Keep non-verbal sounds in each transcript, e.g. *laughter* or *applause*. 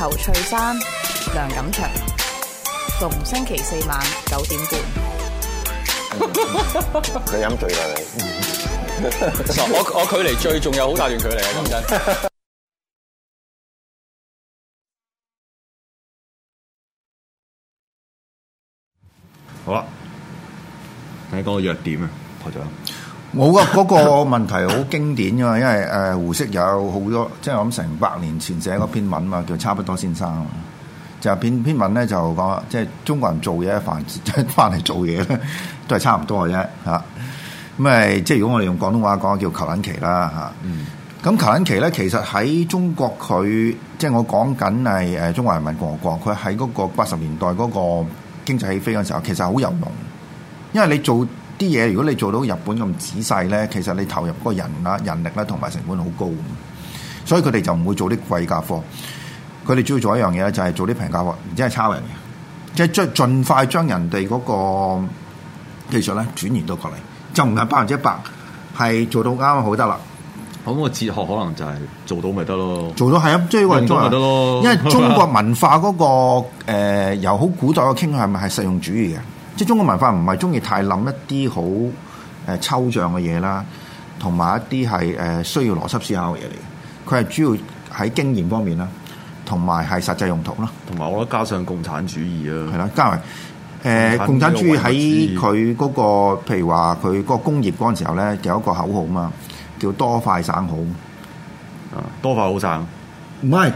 侯翠珊、梁錦祥，逢星期四晚九點半。佢飲 *laughs* *laughs* 醉啦 *laughs* so,！我我距離醉仲有好大段距離啊！認真。 *laughs* *laughs* 好啦，睇個弱點啊，科長。冇啊！嗰、 *laughs* 哦那個問題好經典噶嘛，因為誒、呃、胡適有好多，即係我諗成百年前寫嗰篇文嘛，叫《差不多先生》。就係篇篇文咧，就講即係中國人做嘢，凡即係翻嚟做嘢咧，都係差唔多嘅啫嚇。咁、啊、咪即係如果我哋用廣東話講，叫求穩期啦嚇。咁、啊嗯嗯、求穩期咧，其實喺中國佢即係我講緊係誒中華人民共和國，佢喺嗰個八十年代嗰個經濟起飛嘅時候，其實好有用，因為你做，啲嘢如果你做到日本咁仔細咧，其實你投入嗰個人啦、人力啦同埋成本好高嘅，所以佢哋就唔會做啲貴價貨。佢哋主要做一樣嘢咧，就係、是、做啲平價貨，唔知係抄人嘅，即係盡盡快將人哋嗰個技術咧轉移到過嚟，就唔係百分之一百係做到啱好得啦。咁個哲學可能就係做到咪得咯？做到係啊，追過人裝咪得咯？因為中國文化嗰、那個、呃、由好古代嘅傾向咪係實用主義嘅。即係中國文化唔係中意太諗一啲好誒抽象嘅嘢啦，同埋一啲係誒需要邏輯思考嘅嘢嚟。佢係主要喺經驗方面啦，同埋係實際用途啦。同埋我覺得加上共產主義啊，係啦，加埋誒、呃、共產主義喺佢嗰個，譬如話佢嗰個工業嗰陣時候咧，有一個口號啊嘛，叫多快省好啊，多快好省。唔係、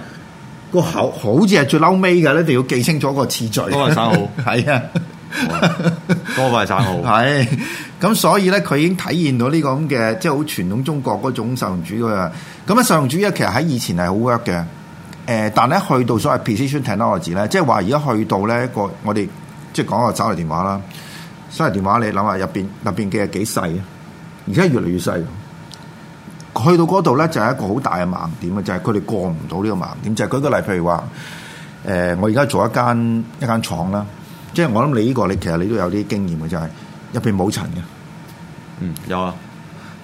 個口好似係最嬲尾嘅，一定要記清楚個次序。多快省好係啊。 *laughs* 多快晒好係咁，哦、 *laughs* 所以咧佢已經體現到呢、這個咁嘅，即係好傳統中國嗰種受龍主啦。咁啊受龍主咧，其實喺以前係好 work 嘅。誒、呃，但係一去到所謂 precision technology 呢個字咧，即係話而家去到咧一個我哋即係講個手提電話啦，手提電話你諗下入邊入邊嘅幾細啊？而家越嚟越細。去到嗰度咧就係一個好大嘅盲點啊！就係佢哋過唔到呢個盲點。就係、舉個例，譬如話誒、呃，我而家做一間一間廠啦。即係我諗你呢個你，你其實你都有啲經驗嘅，就係入邊冇塵嘅。嗯，有啊。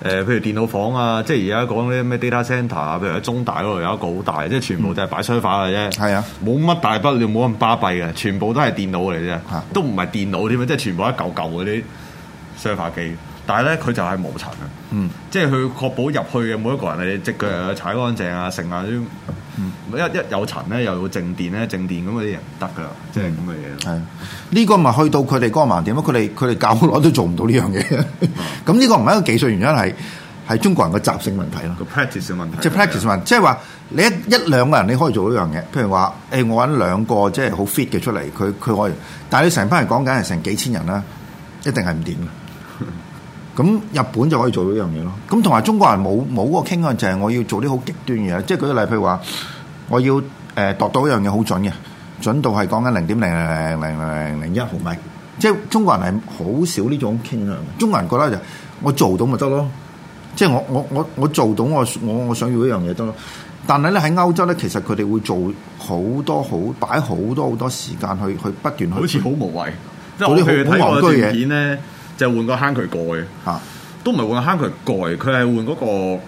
誒、呃，譬如電腦房啊，即係而家講啲咩 data center 啊，譬如喺中大嗰度有一個好大，即係全部就係擺梳化嘅啫。係啊、嗯，冇乜大不了，冇咁巴閉嘅，全部都係電腦嚟嘅，的都唔係電腦添啊，即係全部一嚿嚿嗰啲梳化機。但係咧，佢就係冇塵嘅。嗯，即係佢確保入去嘅每一個人你隻腳踩乾淨啊，成啊。一一有塵咧，又有靜電咧，靜電咁嗰啲人唔得㗎，即係咁嘅嘢。係、嗯、呢、嗯嗯嗯、個咪去到佢哋嗰個盲點咯，佢哋佢哋教好耐都做唔到呢樣嘢。咁 *laughs* 呢個唔係一個技術原因，係係中國人嘅習性問題咯。個 practice 嘅問題，即係 practice 問，即係話你一一兩個人你可以做呢樣嘢，譬如話，誒、哎、我揾兩個即係好 fit 嘅出嚟，佢佢可以，但係你成班人講緊係成幾千人啦，一定係唔掂。咁日本就可以做到一樣嘢咯。咁同埋中國人冇冇個傾向，就係我要做啲好極端嘅嘢，即係舉例譬如話，我要誒度到一樣嘢好準嘅，準度係講緊零點零零零零零一毫米。即係中國人係好少呢種傾向。中國人覺得就我做到咪得咯，即係我我我我做到我我我想要一樣嘢得咯。但係咧喺歐洲咧，其實佢哋會做好多好擺好多好多時間去去不斷去，好似好無謂。即係我啲好無謂嘅嘢。就換個坑渠蓋，嚇都唔係換個坑渠蓋，佢係換嗰個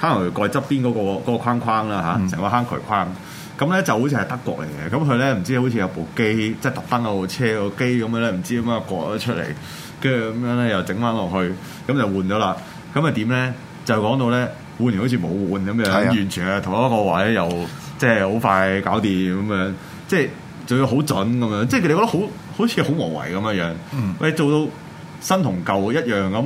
坑渠蓋側邊嗰個框框啦，嚇成個坑渠框咁，咧就好似係德國嚟嘅。咁佢咧唔知好似有部機，即係特登有部車個機咁樣咧，唔知咁樣割咗出嚟，跟住咁樣咧又整翻落去，咁就換咗啦。咁啊點咧就講到咧換完好似冇換咁樣，完全係同一個位，又即係好快搞掂咁樣，即係仲要好準咁樣，即係佢哋覺得好好似好無謂咁嘅樣，喂做到。新同舊一樣咁，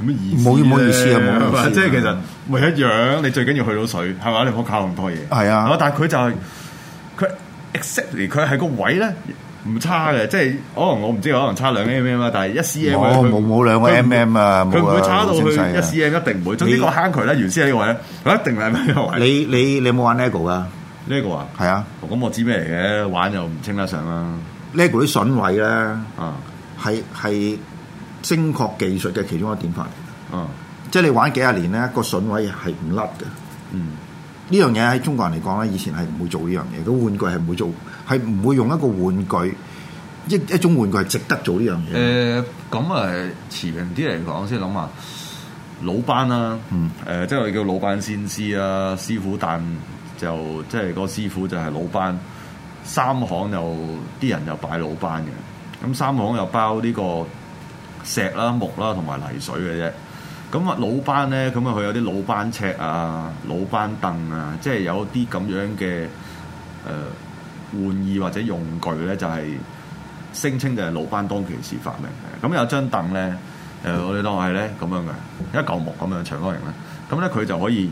係咩意思？冇冇意思啊！即係其實唔一樣。你最緊要去到水係嘛？你唔好搞咁多嘢。係啊，但係佢就係佢 exactly 佢係個位咧唔差嘅，即係可能我唔知可能差兩 m m 嘛，但係一 c m。哦，冇冇兩個 m m 啊！佢唔會差到去一 c m 一定唔會。總之個坑渠咧，原先呢個位咧，佢一定係咩位？你你你有冇玩 lego 啊 l e g o 啊？係啊，咁我知咩嚟嘅？玩又唔稱得上啦。lego 啲筍位咧，啊係係。精確技術嘅其中一點法嚟嘅，嗯，即係你玩幾十年咧，個筍位係唔甩嘅，嗯，呢樣嘢喺中國人嚟講咧，以前係唔會做呢樣嘢，個玩具係唔會做，係唔會用一個玩具一一種玩具係值得做呢樣嘢。誒、呃，咁啊，持平啲嚟講，先諗下老班啦、啊，嗯，誒、呃，即係叫老班先師啊，師傅，但就即係個師傅就係老班，三行又啲人又擺老班嘅，咁三行又包呢、這個。石啦、木啦同埋泥水嘅啫。咁啊，魯班咧，咁啊，佢有啲魯班尺啊、魯班凳啊，即係有啲咁樣嘅誒、呃、玩意或者用具咧，就係、是、聲稱就係魯班當其時發明嘅。咁、嗯、有張凳咧，誒、呃，我哋當係咧咁樣嘅，一嚿木咁樣長方形啦。咁咧佢就可以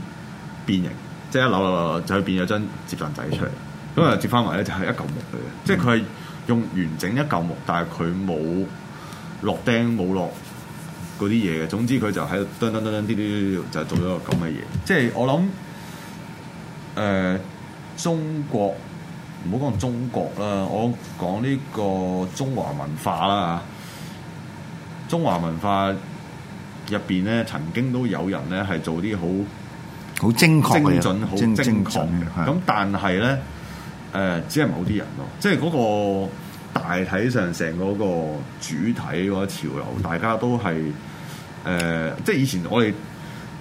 變形，即係一扭就去變咗張折凳仔出嚟。咁啊、嗯，折翻埋咧就係一嚿木嚟嘅，嗯、即係佢係用完整一嚿木，但係佢冇。落釘冇落嗰啲嘢嘅，總之佢就喺度噔噔噔噔啲啲就做咗個咁嘅嘢。即係我諗，誒、呃、中國唔好講中國啦，我講呢個中華文化啦。中華文化入邊咧，曾經都有人咧係做啲好好精確嘅，精準好精確嘅。咁精但係咧，誒、呃、只係某啲人咯，即係嗰、嗰個。大體上，成嗰個主體嗰個潮流，大家都係誒、呃，即係以前我哋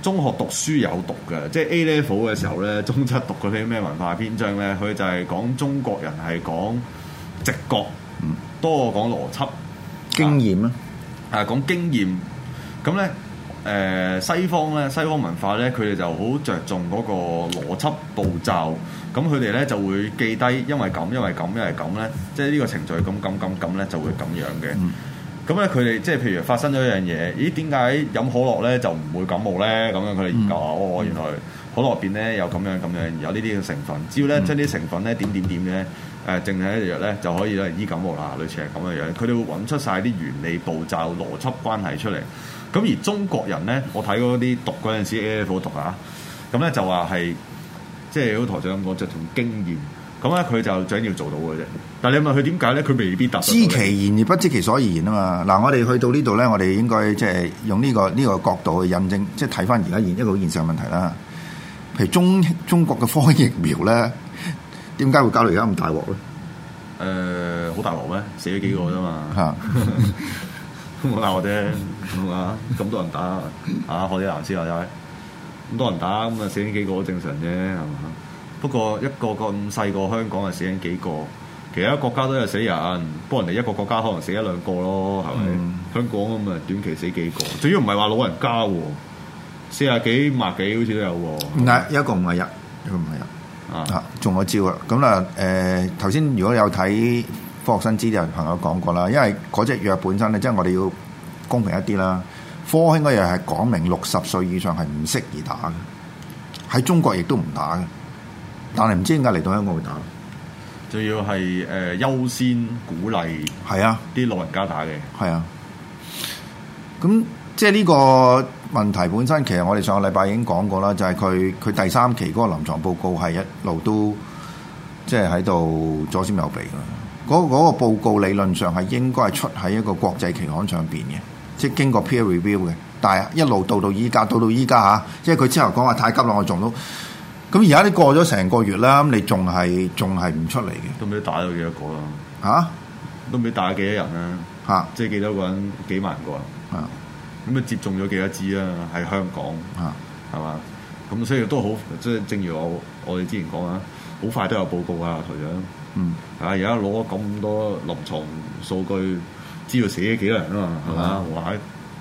中學讀書有讀嘅，即係 A level 嘅時候咧，中七讀嗰啲咩文化篇章咧，佢就係講中國人係講直覺，多過講邏輯經驗啊，係講經驗驗、啊啊。咁咧誒，西方咧，西方文化咧，佢哋就好着重嗰個邏輯步驟。咁佢哋咧就會記低，因為咁，因為咁，因為咁咧，即係呢個程序咁咁咁咁咧就會咁樣嘅。咁咧佢哋即係譬如發生咗一樣嘢，咦？點解飲可樂咧就唔會感冒咧？咁樣佢哋研究啊，哦，原來可樂邊咧有咁樣咁樣，有呢啲嘅成分。只要咧將啲成分咧點點點咧，誒，整起一藥咧就可以咧醫感冒啦。類似係咁嘅樣，佢哋會揾出晒啲原理步驟、邏輯關係出嚟。咁而中國人咧，我睇嗰啲讀嗰陣時 A. 度讀吓，咁咧就話係。即係好台長講就同經驗，咁咧佢就想要做到嘅啫。但係你問佢點解咧，佢未必答。知其然而不知其所以然啊嘛！嗱，我哋去到呢度咧，我哋應該即係用呢、呢個呢、呢個角度去印證，即係睇翻而家現，在現在一個現實問題啦。譬如中中國嘅科疫苗咧，點解會搞到而家咁大鑊咧？誒，好大鑊咩？死咗幾個啫嘛？嚇、嗯！好大鑊啫，咁 *laughs* 多人打啊，何啲難之難？啊咁多人打咁啊，死咗幾個好正常啫，係嘛？不過一個咁細個香港啊，死咗幾個，其他國家都有死人，不過人哋一個國家可能死一兩個咯，係咪？嗯、香港咁啊、嗯，短期死幾個，至於唔係話老人家，四啊幾五啊幾好似都有。嗱，一個唔係一，一個唔係一，啊中咗招啦。咁啊，誒頭先如果你有睇科學新知人朋友講過啦，因為嗰隻藥本身咧，即係我哋要公平一啲啦。科興又係講明六十歲以上係唔適宜打嘅，喺中國亦都唔打嘅，但係唔知點解嚟到香港會打？仲要係誒、呃、優先鼓勵係啊啲老人家打嘅係啊，咁、啊、即係呢個問題本身，其實我哋上個禮拜已經講過啦，就係佢佢第三期嗰個臨床報告係一路都即係喺度左閃右避嘅，嗰嗰、嗰個報告理論上係應該係出喺一個國際期刊上面嘅。即係經過 peer review 嘅，但係一路到到依家，到到依家吓，即係佢之後講話太急啦，我仲都咁而家你過咗成個月啦，你仲係仲係唔出嚟嘅？都唔知打咗幾多個啦、啊？吓、啊？都唔知打咗幾多人啦、啊？吓、啊？即係幾多個人？幾萬個啊？你啊？咁啊接種咗幾多支啊？喺香港啊？係嘛？咁所以都好，即、就、係、是、正如我我哋之前講啊，好快都有報告啊，台長嗯啊，而家攞咁多臨床數據。知道死咗幾多人啊嘛，係嘛？我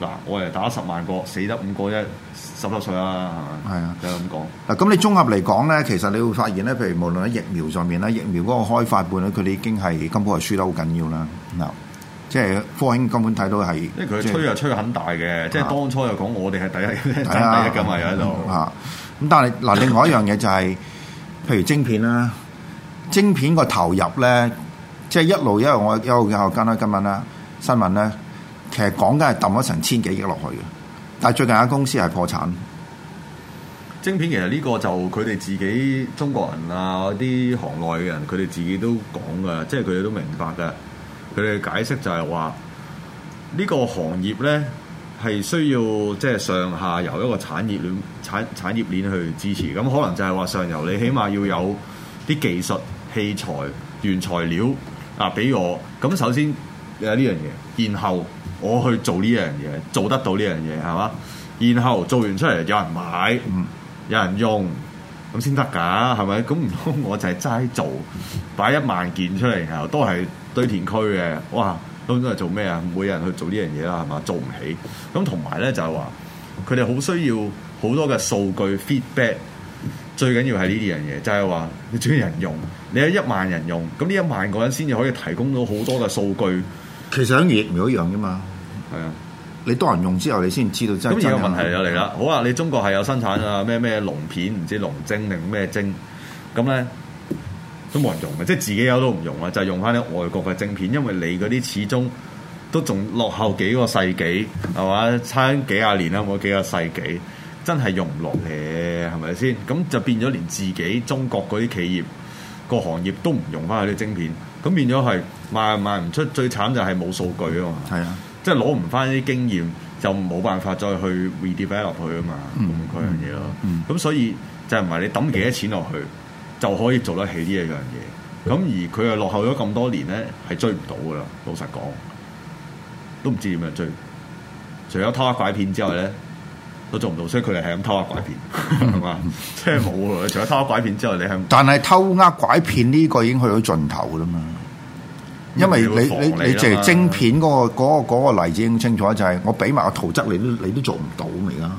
嗱，我哋打十萬個，死得五個啫，十多歲啦，係嘛？係啊，就係咁講。嗱，咁你綜合嚟講咧，其實你會發現咧，譬如無論喺疫苗上面咧，疫苗嗰個開發半咧，佢哋已經係根本係輸得好緊要啦。嗱，即係科興根本睇到係，因為佢吹又吹得很大嘅，即係當初又講我哋係第一，第一噶嘛，又喺度。嚇！咁但係嗱，另外一樣嘢就係，譬如晶片啦，晶片個投入咧，即係一路，一路我一路嘅跟喺今日啦。新聞咧，其實講緊係抌咗成千幾億落去嘅，但係最近間公司係破產。晶片其實呢個就佢哋自己中國人啊，啲行內嘅人佢哋自己都講㗎，即係佢哋都明白㗎。佢哋解釋就係話呢個行業咧係需要即係、就是、上下游一個產業鏈產產業鏈去支持，咁可能就係話上游你起碼要有啲技術器材原材料啊，俾我咁首先。有呢樣嘢，然後我去做呢樣嘢，做得到呢樣嘢係嘛？然後做完出嚟有人買，有人用，咁先得㗎，係咪？咁唔通我就係齋做，擺一萬件出嚟，然後都係堆填區嘅，哇！都都係做咩啊？冇人去做呢樣嘢啦，係嘛？做唔起。咁同埋咧就係話，佢哋好需要好多嘅數據 feedback，最緊要係呢啲嘢，就係話你主要人用，你有一萬人用，咁呢一萬個人先至可以提供到好多嘅數據。其實係疫苗一樣啫嘛，係啊的！你多人用之後，你先知道真，真。咁而個問題又嚟啦，好啊！你中國係有生產啊咩咩龍片，唔知龍精定咩精，咁咧都冇人用嘅，即係自己有都唔用啦，就係、用翻啲外國嘅晶片，因為你嗰啲始終都仲落後幾個世紀係嘛，差幾廿年啦，冇幾個世紀，真係用唔落嚟。係咪先？咁就變咗連自己中國嗰啲企業。個行業都唔用翻佢啲晶片，咁變咗係賣賣唔出，最慘就係冇數據啊嘛。係是啊，即係攞唔翻啲經驗，就冇辦法再去 redevelop 去啊嘛。咁、嗯、樣嘢咯，咁、嗯、所以就唔、是、係你抌幾多錢落去、嗯、就可以做得起呢一樣嘢。咁、嗯、而佢又落後咗咁多年咧，係追唔到噶啦。老實講，都唔知點樣追，除咗偷一塊片之外咧。嗯都做唔到，所以佢哋係咁偷啊拐騙，係嘛？即係冇啊！除咗偷啊拐騙之外，你係……但係偷啊拐騙呢個已經去到盡頭噶啦嘛？因為你你你即係晶片嗰個個個例子已經清楚，就係我俾埋個圖則，你都你都做唔到而家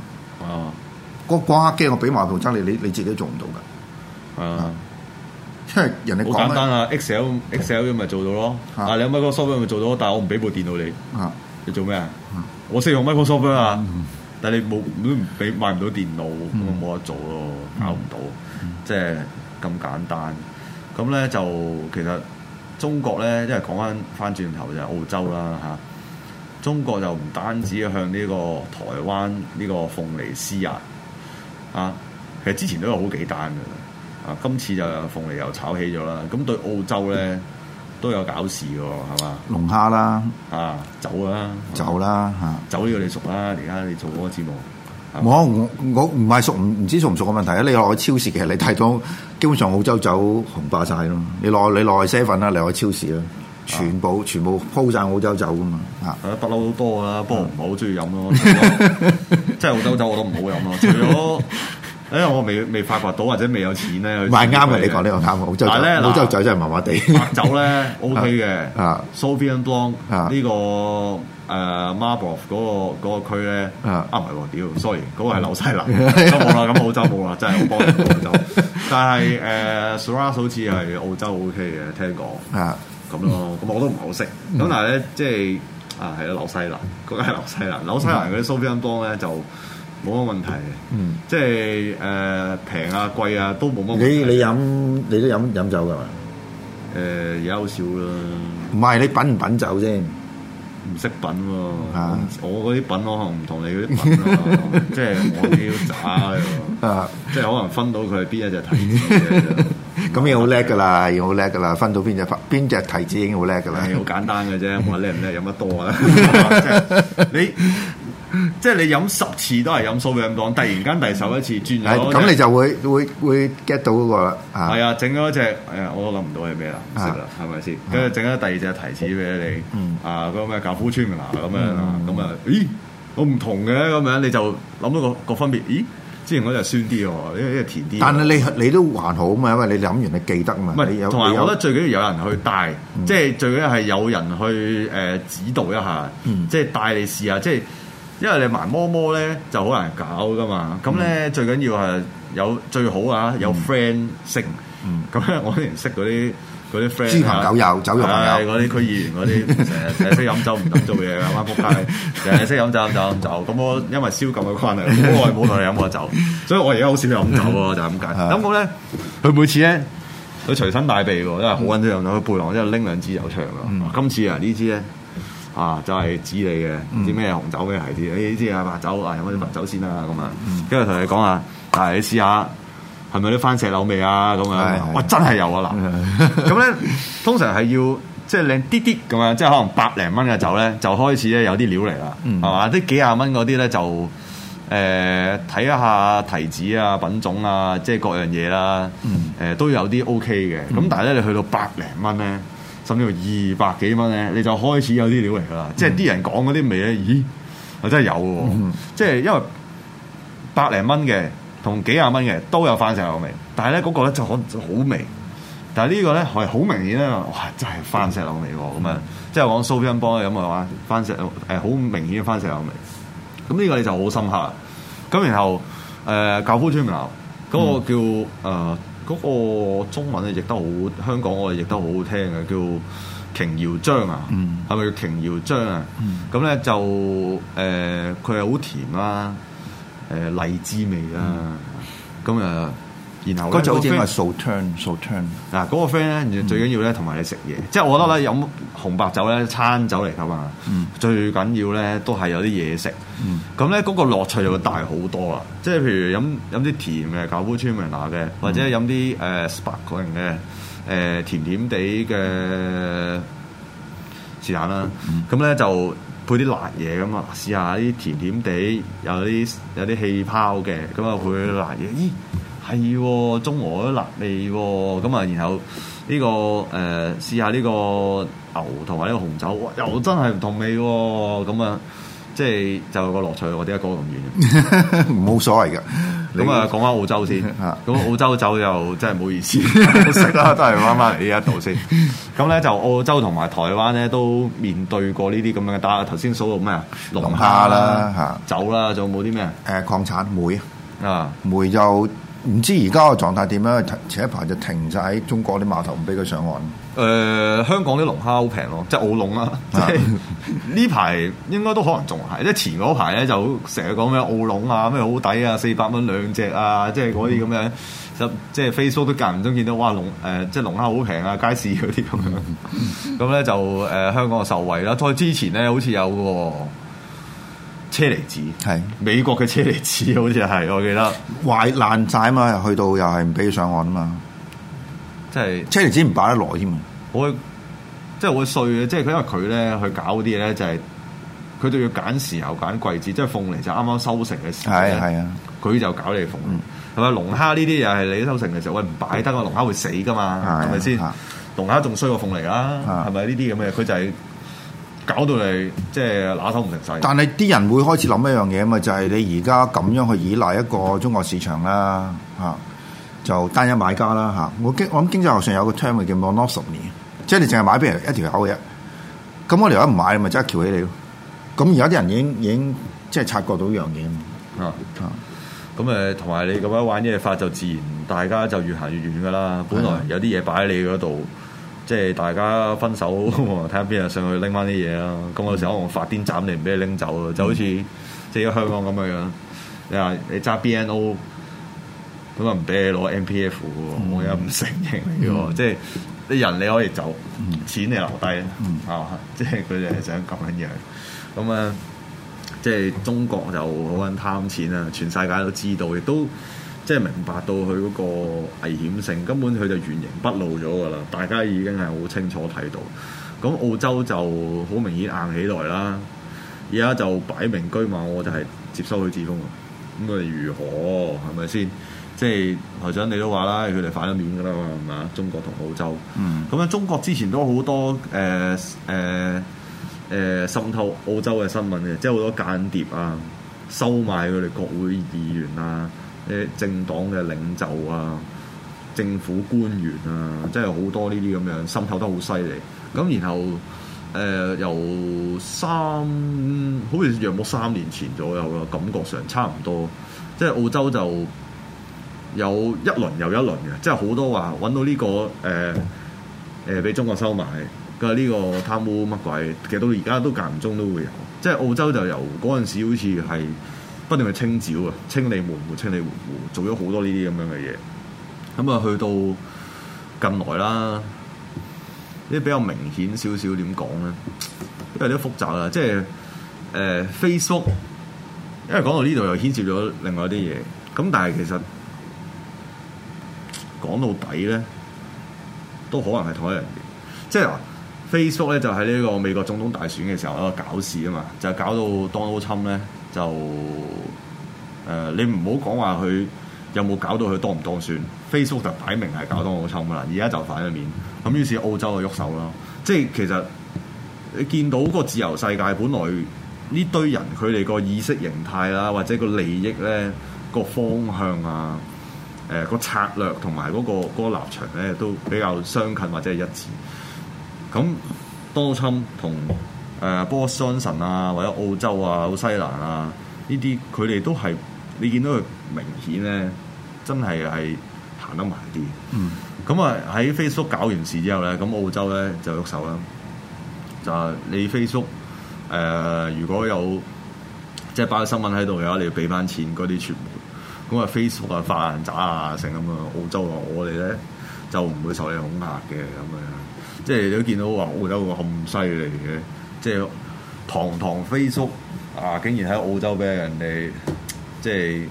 啊，個光刻機我俾埋圖則你，你你自己都做唔到噶。啊，即係人哋好簡單啊！Excel Excel 咁咪做到咯？但你 Microsoft 咪做到？但係我唔俾部電腦你你做咩啊？我識用 Microsoft 啊。但你冇都唔俾買唔到電腦咁，冇、嗯、得做咯，搞唔到，嗯、即係咁簡單。咁咧就其實中國咧，因為講翻翻轉頭就係澳洲啦嚇、啊。中國就唔單止向呢個台灣呢、呢個鳳梨施壓啊，其實之前都有好幾單嘅啊。今次就鳳梨又炒起咗啦，咁對澳洲咧。嗯都有搞事喎，係嘛？龍蝦啦，嚇酒啦，酒啦嚇酒呢個你熟啦，而家你做嗰個節目。我我唔係熟，唔唔知熟唔熟嘅問題啊！你落去超市其實你睇到基本上澳洲酒紅化晒咯，你落你落去 Seven 啦，你落去，去超市啦，全部、啊、全部鋪晒澳洲酒噶嘛嚇。啊、不嬲好多啦，不過唔係好中意飲咯，即係 *laughs* 澳洲酒我都唔好飲咯，除咗。 *laughs* *laughs* 因誒，我未未發掘到或者未有錢咧，唔係啱嘅。你講呢個啱，澳洲酒澳洲酒真係麻麻地。酒咧 O K 嘅，啊，Sophian Blanc 呢個誒 Marbof 嗰個區咧，啊，唔係喎，屌，sorry，嗰個係紐西蘭，冇啦，咁澳洲冇啦，真係好幫唔到澳洲。但係誒，Saras 好似係澳洲 O K 嘅，聽講，啊，咁咯，咁我都唔好識。咁但係咧，即係啊，係啦，紐西蘭，嗰間紐西蘭，紐西蘭嗰啲 Sophian Blanc 咧就。冇乜問題，即係誒平啊貴啊都冇乜。你你飲你都飲飲酒㗎嘛？誒有少啦。唔係你品唔品酒先？唔識品喎，我嗰啲品可能唔同你嗰啲品啊，即係我呢啲渣啊，即係可能分到佢邊一隻提子，咁已經好叻㗎啦，已經好叻㗎啦，分到邊隻邊隻提子已經好叻㗎啦，好簡單㗎啫，我話叻唔叻飲得多啦，你。即係你飲十次都係飲數味咁，突然間第十一次轉咗，咁你就會會會 get 到嗰個係啊，整咗隻誒，我都諗唔到係咩啦，唔識啦，係咪先？跟住整咗第二隻提子俾你，啊，嗰個咩教夫村民咁樣咁啊，咦，我唔同嘅咁樣，你就諗到個個分別。咦，之前嗰隻酸啲喎，呢呢甜啲。但係你你都還好啊嘛，因為你飲完你記得啊嘛。唔係，同埋我覺得最緊要有人去帶，即係最緊要係有人去誒指導一下，即係帶你試下，即係。因為你盲摸摸咧就好難搞噶嘛，咁咧、嗯、最緊要係有最好啊有 friend、嗯嗯、識，咁咧我啲人識嗰啲嗰啲 friend。豬朋狗友，酒肉朋友、啊，嗰啲區議員嗰啲成日成日識飲酒，唔敢做嘢，啱啱撲街，成日 *laughs* 識飲酒飲酒飲酒。咁我因為燒咁嘅關係，我冇同你飲過酒， *laughs* 所以我而家好少飲酒喎，就係、是、咁解。咁 *laughs* 我咧佢每次咧佢隨身帶備喎，真係好揾一樣酒。個背囊，即係拎兩支油酒槍咯。 *laughs* 今次啊呢支咧。啊，就係、是、指你嘅唔知咩紅酒咩係啲，嗯、你知啲、啊、白酒啊，有乜白酒先啊咁啊，跟住同你講下但誒你試下係咪啲番石榴味啊咁樣，我、嗯、真係有啊嗱，咁咧通常係要即係靚啲啲咁樣，即係可能百零蚊嘅酒咧就開始咧有啲料嚟啦，係嘛、嗯？啲幾廿蚊嗰啲咧就誒睇、呃、下提子啊品種啊，即係各樣嘢啦，誒、呃、都有啲 OK 嘅，咁、嗯嗯、但係咧你去到百零蚊咧。咁要二百幾蚊咧，你就開始有啲料嚟噶啦。嗯、即係啲人講嗰啲味咧，咦？我真係有嘅。嗯、即係因為百零蚊嘅同幾廿蚊嘅都有番石榴味，但係咧嗰個咧就可好味。但係呢個咧係好明顯咧，哇！真係番石榴味喎。咁樣，即係講蘇欣邦咁嘅話，番石榴誒好明顯嘅番石榴味。咁呢、嗯、個你就好深刻。咁然後誒、呃、教夫村牛嗰、嗰個叫誒。嗯呃嗰個中文咧亦都好，香港我哋亦都好好聽嘅，嗯、叫瓊瑤漿啊，係咪叫瓊瑤漿啊？咁咧、嗯、就誒，佢係好甜啦、啊，誒、呃、荔枝味啦。咁啊～、嗯然後嗰個 f r i 係數 turn 數 turn 啊，嗰個 friend 咧，然最緊要咧同埋你食嘢，嗯、即係我覺得咧飲紅白酒咧，餐酒嚟噶嘛，嗯、最緊要咧都係有啲嘢食。咁咧嗰個樂趣就會大好多啦。即係譬如飲飲啲甜嘅，搞烏川明娜嘅，或者飲啲誒 s p a r k 嘅誒甜甜地嘅是但啦。咁咧、嗯嗯、就配啲辣嘢噶嘛，試下啲甜甜地有啲有啲氣泡嘅，咁啊配啲辣嘢，咦？咦係，中和嗰啲辣味，咁啊，然後呢、這個誒試下呢個牛同埋呢個紅酒，牛真係唔同味，咁啊，即係就個樂趣。我啲一哥咁遠，冇所謂嘅。咁啊，講翻、嗯、澳洲先，咁澳洲酒又真係唔好意思，食啦真係翻翻嚟呢一度先。咁咧就澳洲同埋台灣咧都面對過呢啲咁樣嘅，打頭先數到咩啊？龍蝦啦，嚇，酒啦，仲有冇啲咩啊？誒，礦產煤啊，煤就。唔知而家個狀態點咧？前一排就停晒喺中國啲碼頭，唔俾佢上岸。誒、呃，香港啲龍蝦好平咯，即係澳龍啊！呢排 *laughs* 應該都可能仲係，即係前嗰排咧就成日講咩澳龍啊，咩好抵啊，四百蚊兩隻啊，即係嗰啲咁樣。就、嗯、即係 Facebook 都間唔中見到，哇龍誒、呃，即係龍蝦好平啊，街市嗰啲咁樣。咁咧、嗯、 *laughs* 就誒、呃、香港受惠啦。再之前咧，好似有喎。車厘子係美國嘅車厘子好似係，我記得壞爛曬啊嘛，去到又係唔俾佢上岸啊嘛，即係車厘子唔擺得耐添啊，我即係我碎啊，即係佢因為佢咧去搞啲嘢咧就係佢都要揀時候揀季節，即係鳳梨就啱啱收成嘅時候咧，係啊，佢就搞你鳳梨，係咪？龍蝦呢啲又係你收成嘅時候，喂唔擺得個龍蝦會死噶嘛，係咪先？龍蝦仲衰過鳳梨啦，係咪呢啲咁嘅佢就係。搞到你，即係拿手唔成世。但係啲人會開始諗一樣嘢嘛，就係、是、你而家咁樣去依賴一個中國市場啦，吓、啊、就單一買家啦，吓、啊、我經我諗經濟學上有個 term 叫 monopsony，即係你淨係買俾人一條狗嘅，咁我而家唔買咪即刻翹起你。咯。咁而家啲人已經已經即係察覺到一樣嘢，啊，咁誒、啊，同埋、啊、你咁樣玩嘢法就自然大家就越行越遠噶啦。本來有啲嘢擺喺你嗰度。即係大家分手，睇下邊日上去拎翻啲嘢啦。咁、嗯、有時候我發癲斬你，唔俾你拎走啊！就好似即係香港咁樣樣，你話你揸 BNO，咁啊唔俾你攞 MPF 喎、嗯，我又唔承認你喎。即係啲人你可以走，嗯、錢你留低，係嘛、嗯？即係佢哋係想咁樣樣。咁啊，即係中國就好撚貪錢啊！全世界都知道，亦都。即係明白到佢嗰個危險性，根本佢就原形不露咗㗎啦。大家已經係好清楚睇到。咁澳洲就好明顯硬起來啦。而家就擺明居馬，我就係接收許智峯啊。咁佢，如何係咪先？即係台長你都話啦，佢哋反咗面㗎啦嘛，係嘛？中國同澳洲。嗯。咁樣中國之前都好多誒誒誒滲透澳洲嘅新聞嘅，即係好多間諜啊，收買佢哋國會議員啊。誒政黨嘅領袖啊，政府官員啊，即係好多呢啲咁樣，滲透得好犀利。咁然後誒、呃、由三，好似約莫三年前左右啦，感覺上差唔多。即係澳洲就有一輪又一輪嘅，即係好多話揾到呢、呢個誒誒、呃呃、畀中國收買嘅呢個貪污乜鬼，其實到而家都，都間唔中都會有。即係澳洲就由嗰陣時好似係。不定去清剿啊，清理門戶，清理門戶，做咗好多呢啲咁樣嘅嘢。咁、嗯、啊，去到近來啦，呢啲比較明顯少少點講咧，因為啲複雜啦，即係誒、呃、Facebook，因為講到呢度又牽涉咗另外啲嘢。咁但係其實講到底咧，都可能係同一人哋。即係 Facebook 咧，就喺、是、呢個美國總統大選嘅時候喺度搞事啊嘛，就是、搞到 Donald Trump 咧。就誒、呃，你唔好講話佢有冇搞到佢當唔當算，Facebook 就擺明係搞到我侵啦，而家就反咗面，咁於是澳洲就喐手咯。即係其實你見到個自由世界本來呢堆人佢哋個意識形態啦，或者個利益咧個方向啊，誒、呃、個策略同埋嗰個立場咧，都比較相近或者係一致。咁多侵同。誒波士頓啊，或者澳洲啊、紐、啊、西蘭啊，呢啲佢哋都係你見到佢明顯咧，真係係行得埋啲。咁啊、mm. 嗯，喺 Facebook 搞完事之後咧，咁澳洲咧就喐手啦。就、就係、你 Facebook 誒、呃，如果有即係擺個新聞喺度嘅話，你要俾翻錢嗰啲傳媒。咁啊，Facebook 啊，發爛渣啊，成咁啊，澳洲啊，我哋咧就唔會受你恐嚇嘅咁樣。即係你都見到話澳洲個咁犀利嘅。即係堂堂 Facebook 啊，竟然喺澳洲俾人哋即係誒、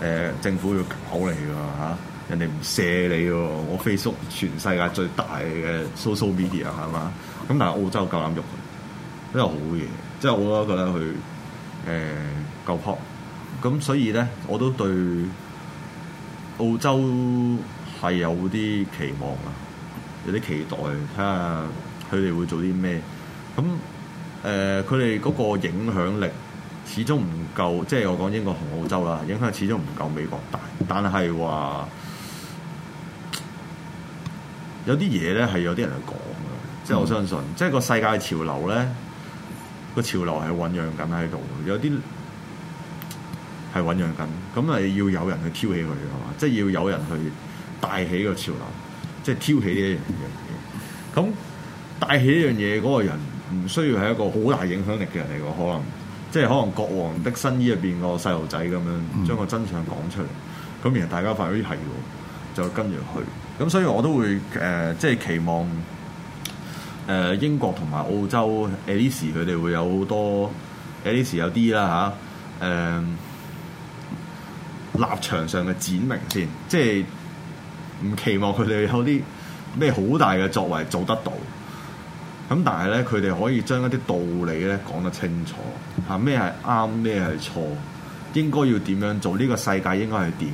呃、政府要搞你㗎嚇、啊，人哋唔射你喎，我 Facebook 全世界最大嘅 social media 係嘛？咁但係澳洲夠膽喐佢？呢係好嘢，即係我都覺得佢誒、呃、夠 pot。咁所以咧，我都對澳洲係有啲期望啊，有啲期待，睇下佢哋會做啲咩。咁，誒，佢哋嗰個影響力始終唔夠，即係我講英國同澳洲啦，影響力始終唔夠美國大。但係話有啲嘢咧係有啲人去講嘅，嗯、即係我相信，即係個世界潮流咧，個潮流係醖釀緊喺度，有啲係醖釀緊，咁啊要有人去挑起佢係嘛，即係要有人去帶起個潮流，即係挑起呢一樣嘢。咁帶起一樣嘢嗰個人，唔需要係一個好大影響力嘅人嚟講，可能即係可能《國王的新衣》入邊個細路仔咁樣，將個真相講出嚟，咁然後大家發現係喎，就跟住去。咁所以我都會誒、呃，即係期望誒、呃、英國同埋澳洲 At least 佢哋會有好多 At least 有啲啦嚇誒，立場上嘅展明先，即係唔期望佢哋有啲咩好大嘅作為做得到。咁但係咧，佢哋可以將一啲道理咧講得清楚，嚇咩係啱，咩係錯，應該要點樣做？呢、呢個世界應該係點？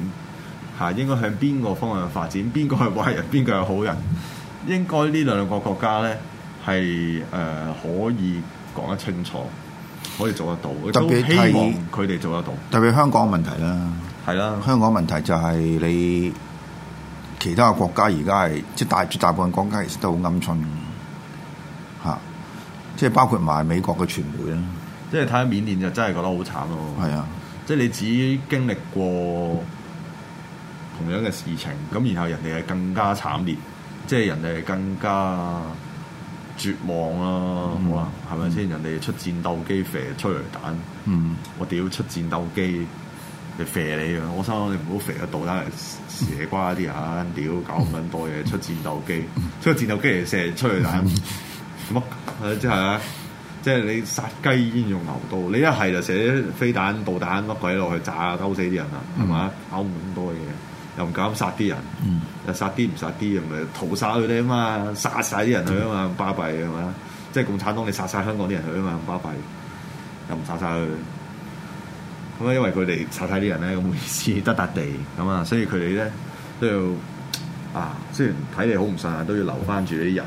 嚇應該向邊個方向發展？邊個係壞人？邊個係好人？應該呢兩個國家咧係誒可以講得清楚，可以做得到。特別希望佢哋做得到。特別，特別香港問題啦，係啦的，香港問題就係你其他國家而家係即係大絕大部分國家其實都好鵪鶉。即係包括埋美國嘅傳媒啦，嗯、即係睇下緬甸就真係覺得好慘咯。係啊，啊即係你只經歷過同樣嘅事情，咁然後人哋係更加慘烈，即係人哋係更加絕望啦、啊，嗯、好啊，係咪先？嗯、人哋出戰鬥機射催淚彈，嗯、我屌出戰鬥機你射你啊！嗯、我心諗你唔好肥啊！導彈嚟射瓜啲嚇，屌搞咁多嘢出戰鬥機，嗯、出戰鬥機嚟射催淚彈。嗯乜誒、嗯嗯、即係啊！即係你殺雞焉用牛刀？你一係就寫飛彈導彈乜鬼落去炸，溝死啲人啦，係嘛？拗唔、嗯、多嘢，又唔敢殺啲人、嗯、人，又殺啲唔殺啲，咁咪屠殺佢哋啊嘛！殺晒啲人去啊嘛！巴閉係嘛？即係共產黨，你殺晒香港啲人去啊嘛！巴閉，又唔殺晒佢。咁啊，因為佢哋殺晒啲人咧，咁冇意思，得笪地咁啊，所以佢哋咧都要啊，雖然睇你好唔順，都要留翻住啲人。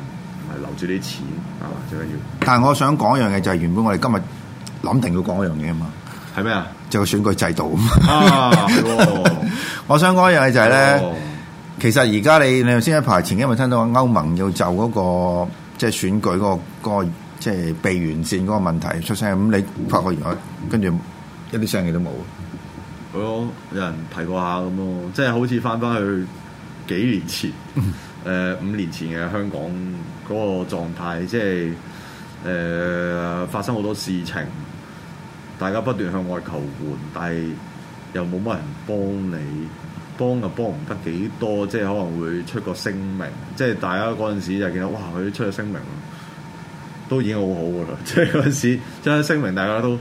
係留住啲錢，係、啊、最緊要。但係我想講一樣嘢，就係原本我哋今日諗定要講一樣嘢啊嘛，係咩啊？就選舉制度咁。我想講一樣嘢就係咧，的其實而家你你先一排前幾日聽到歐盟要就嗰、嗰個即係、即係、選舉嗰、嗰個即係被完善嗰個問題出聲，咁你發覺原來，跟住一啲聲氣都冇。係咯，有人提過下咁咯，即係好似翻翻去幾年前，誒、嗯呃、五年前嘅香港。嗰個狀態即係誒、呃、發生好多事情，大家不斷向外求援，但係又冇乜人幫你，幫就幫唔得幾多，即係可能會出個聲明。即係大家嗰陣時就見到，哇！佢出咗聲明，都已經好好噶啦。即係嗰陣時出咗聲明，大家都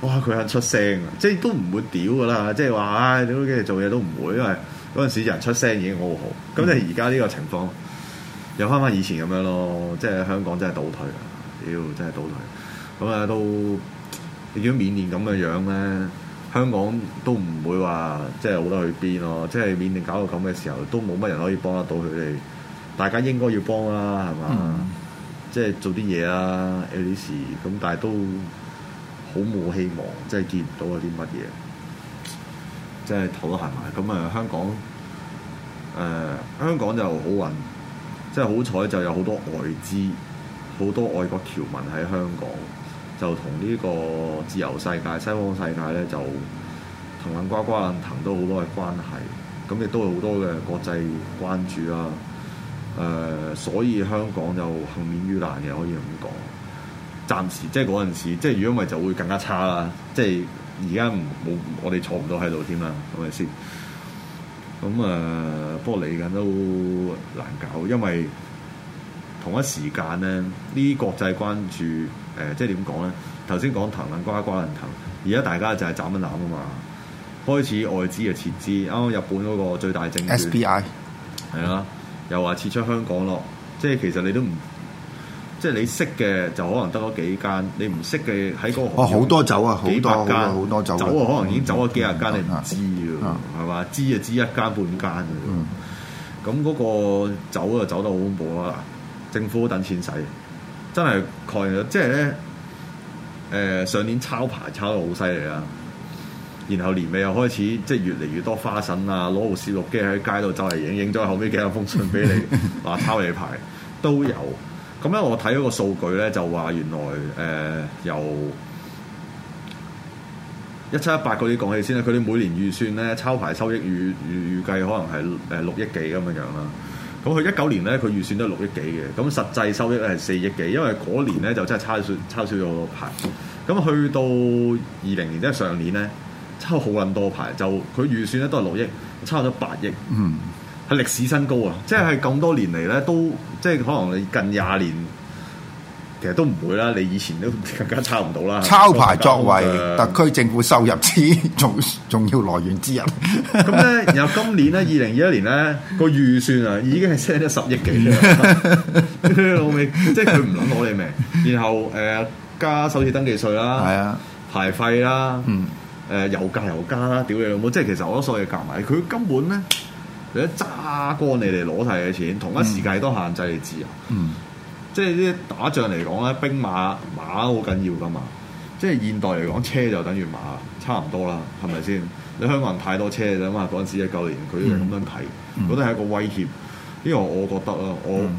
哇佢肯出聲，即係都唔會屌噶啦。即係話唉，點解今日做嘢都唔會？因為嗰陣時有人出聲已經好好。咁即係而家呢個情況。又翻翻以前咁樣咯，即係香港真係倒退，屌真係倒退。咁、嗯、啊，嗯、都如果緬甸咁嘅樣咧，香港都唔會話即係好得去邊咯。即係緬甸搞到咁嘅時候，都冇乜人可以幫得到佢哋。大家應該要幫啦，係嘛？嗯、即係做啲嘢啦有啲事。c 咁，但係都好冇希望，即係見唔到啊啲乜嘢，即係頭都行埋。咁啊，香港誒、呃、香港就好運。即係好彩就有好多外資，好多外國僑民喺香港，就同呢個自由世界、西方世界咧，就騰騰呱呱、騰都好多嘅關係。咁亦都有好多嘅國際關注啦、啊。誒、呃，所以香港就幸免於難嘅，可以咁講。暫時即係嗰陣時，即係如果唔係就會更加差啦。即係而家冇我哋坐唔到喺度添啦，係咪先？咁啊，不過嚟緊都難搞，因為同一時間咧，呢啲國際關注，誒、呃，即係點講咧？頭先講騰緊瓜，瓜人騰，而家大家就係斬一纜啊嘛！開始外資嘅撤資，啱啱日本嗰個最大證，S B I，係啊，又話撤出香港咯，即係其實你都唔。即係你識嘅就可能得嗰幾間，你唔識嘅喺嗰行好多走啊，好多間，好多走、啊，走可能已經走咗幾廿間，嗯、你唔知㗎，係嘛、嗯？知就知一間半間，咁嗰、嗯、個走就走得好恐怖啦。政府等錢使，真係蓋咗，即係咧誒上年抄牌抄得好犀利啊，然後年尾又開始即係越嚟越多花嬸啊攞部攝錄機喺街度走嚟影影，咗後尾寄一封信俾你話 *laughs* 抄你牌都有。咁咧，我睇咗個數據咧，就話原來誒、呃、由一七一八嗰啲講起先啦。佢哋每年預算咧，抄牌收益預預預計可能係誒六億幾咁樣樣啦。咁佢一九年咧，佢預算都係六億幾嘅。咁實際收益係四億幾，因為嗰年咧就真係差少抄少咗牌。咁去到二零年即係上年咧，抄好撚多牌，就佢、是、預算咧都係六億，差咗八億。嗯。係歷史新高啊！即係咁多年嚟咧，都即係可能你近廿年，其實都唔會啦。你以前都更加抄唔到啦。抄牌作為特區政府收入之重重要來源之一，咁咧， *laughs* 然後今年咧，二零二一年咧，個預算啊，已經係 set 咗十億幾。老味，即係佢唔諗攞你命。然後誒、呃，加首次登記稅啦，係啊，牌費啦，嗯，誒、呃、油價又加啦，屌你老母！即係其實好多衰嘢夾埋，佢根本咧。佢一揸乾你哋攞晒嘅錢，同一時間都限制你自由。嗯，嗯即係啲打仗嚟講咧，兵馬馬好緊要噶嘛。即係現代嚟講，車就等於馬，差唔多啦，係咪先？你香港人太多車啦嘛，嗰陣時一九年，佢就咁樣睇，嗯嗯、覺得係一個威脅。因為我覺得啦，我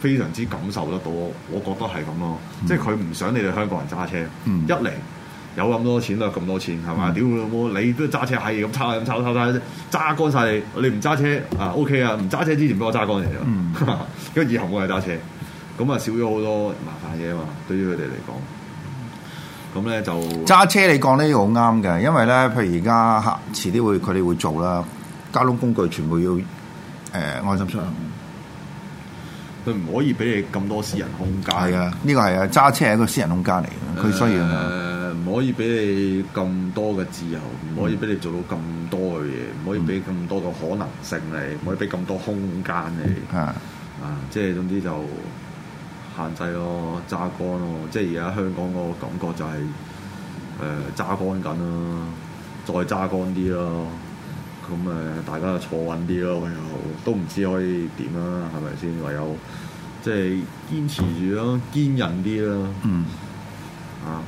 非常之感受得到，我覺得係咁咯。嗯、即係佢唔想你哋香港人揸車，嗯、一嚟。有咁多錢啦，咁多錢係嘛？屌，我、mm. 你都揸車係咁抄下、咁抄抄抄啫，揸乾晒，你。你唔揸車啊？OK 啊，唔揸車之前俾我揸乾曬啫。因為以後我係揸車，咁啊少咗好多麻煩嘢啊嘛。對於佢哋嚟講，咁咧就揸車你講呢個好啱嘅，因為咧譬如而家嚇遲啲會佢哋會做啦，交通工具全部要誒安、嗯、心出行，佢唔可以俾你咁多私人空間。係 *laughs* 啊，呢、呢個係啊，揸車係一個私人空間嚟嘅，佢需要。可以俾你咁多嘅自由，唔可以俾你做到咁多嘅嘢，唔可以俾咁多嘅可能性你，唔可以俾咁多空間你。的啊，即係總之就限制咯，揸乾咯。即係而家香港個感覺就係誒揸乾緊咯，再揸乾啲咯。咁誒，大家坐穩啲咯，唯有都唔知可以點啦，係咪先？唯有即係堅持住咯，堅韌啲咯。嗯。啊。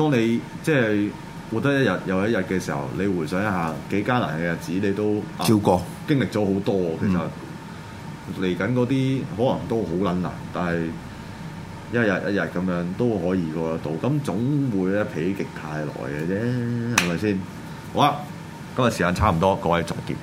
當你即係活得一日又一日嘅時候，你回想一下幾艱難嘅日子，你都照過、啊、經歷咗好多。其實嚟緊嗰啲可能都好撚難，但係一日一日咁樣都可以過得到。咁總會咧，否極泰來嘅啫，係咪先？好啊，今日時間差唔多，各位再見。